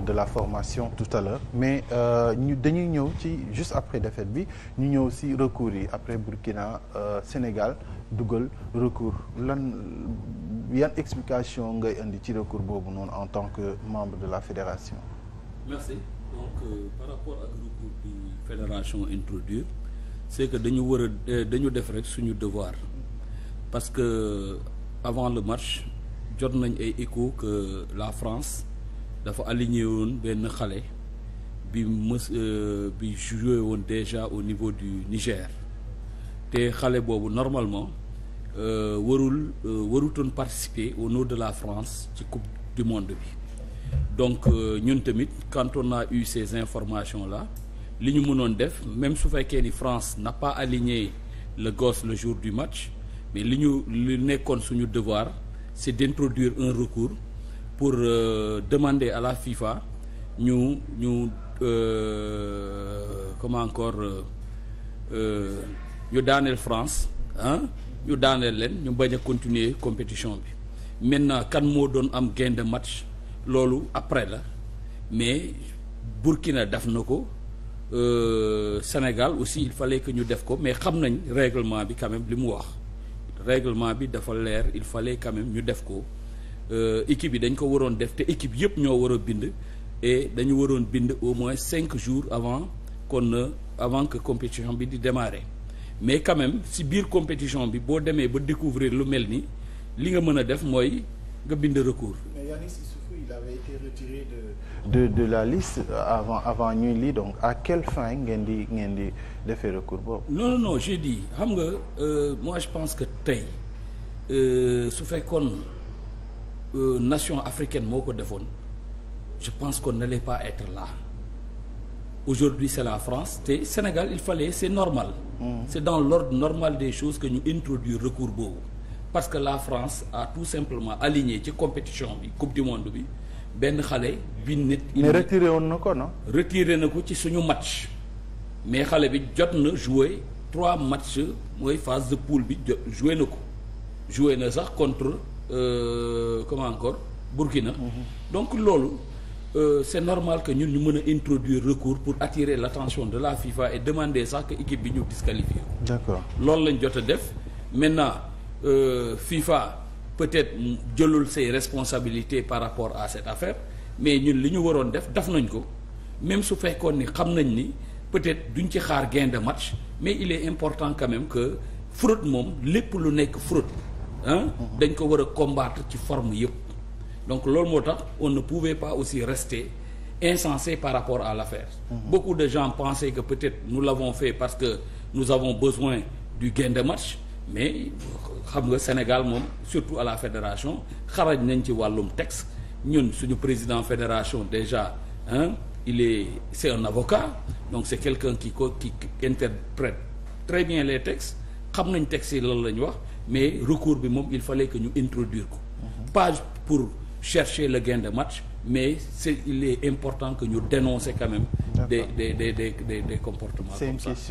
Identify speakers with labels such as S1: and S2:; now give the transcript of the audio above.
S1: de la formation tout à l'heure mais euh, dañuy ñëw ci juste après défaite bi ñu ñëw si recours yi après Burkina euh, Sénégal dugal recours lan yan explication ngay indi ci recours boobu noonu en tant que membre de la fédération merci donc euh, c'est que dañu war euh, dañu def rek suñu devoir parce que avant le match jot nañ ay écho que la France dafa aligné woon benn xale bi mës euh, bi joué woon déjà au niveau du Niger te xale boobu normalement euh, warul euh, warutoon participer au nom de la France ci coupe du monde bi donc ñun tamit quand on a eu ces informations là li ñu mënoon def même su fekkee ni France nappa pas aligné le gosse le jour du match mais li ñu li nekkoon suñu devoir c'est d'introduire un recours pour euh, demander à la FIFA ñu ñu euh, comment encore euh, ñu daaneel France ah ñu daaneel leen ñu bañ a continuer compétition bi maintenant kan moo doon am gain de match loolu après la mais Burkina def na ko Sénégal aussi il fallait que ñu def ko mais xam nañ règlement bi quand li mu wax règlement bi dafa leer il fallait quand même ñu def ko Euh, équipe yi dañ ko waroon def te équipe yëpp ñoo war a bind et dañu waroon bind au moins cinq jours avant kon euh, avant que compétition bi di démarrer mais quand si biir compétition bi boo demee ba découvrir lu mel ni li nga mën a def mooy nga bind recours. de de la liste avant avant ñuy lii donc à quelle fin ngeen di ngeen di defee recours boobu. non non non j'ai xam nga euh, moi je pense que tey euh, su fekkoon. Euh, nation africaine moo ko defoon je pense qu'on n'allait pas être là aujourd'hui c'est la France te Sénégal il fallait c'est normal mmh. c'est dans l'ordre normal des choses que ñu introduire recours boobu parce que la France a tout simplement aligné ci compétition bi coupe du monde bi benn xale bi nit mais retiré woon na ko non retiré na ko ci suñu match mais xale bi jot na jouer trois matchs mooy phase de poule bi jot joué na ko joue na sax contre Euh, comment encore Burkina. donc loolu euh, c'est normal que ñun ñu mën a introduire recours pour attirer l'attention de la FIFA et demander sax que équipe bi ñu disqualifier d'accord loolu lañ jot a def maintenant euh, FIFA peut-être jëlul say responsabilité par rapport à cette affaire mais ñun li ñu waroon def daf nañ ko même su fekkoon ni xam nañ ni peut-être duñ ci xaar gain de match mais il est important quand même que fraude moom lépp lu nekk fraude ah dañ ko war a combattre ci forme yëpp donc loolu moo tax on ne pouvait pas aussi rester insensé par rapport à l'affaire mmh. beaucoup de gens pensaient que peut-être nous l'avons fait parce que nous avons besoin du gain de match mais xam nga Sénégal moom surtout à la fédération xarañ nañ ci wàllum texte ñun suñu président fédération déjà hein il est c'est un avocat donc c'est quelqu'un qui qui interprète très bien les textes xam nañ texte lan la ñu wax mais recours bi moom il fallait que ñu introduire ko mhm. pas pour chercher le gain de match mais c'est il est important que ñu dénoncer quand même des des des des des comportements comme ça